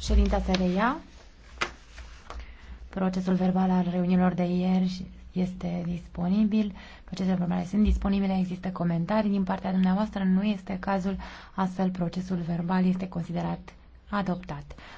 Ședința se reia. Procesul verbal al reuniunilor de ieri este disponibil. Procesele verbale sunt disponibile, există comentarii din partea dumneavoastră, nu este cazul, astfel procesul verbal este considerat adoptat.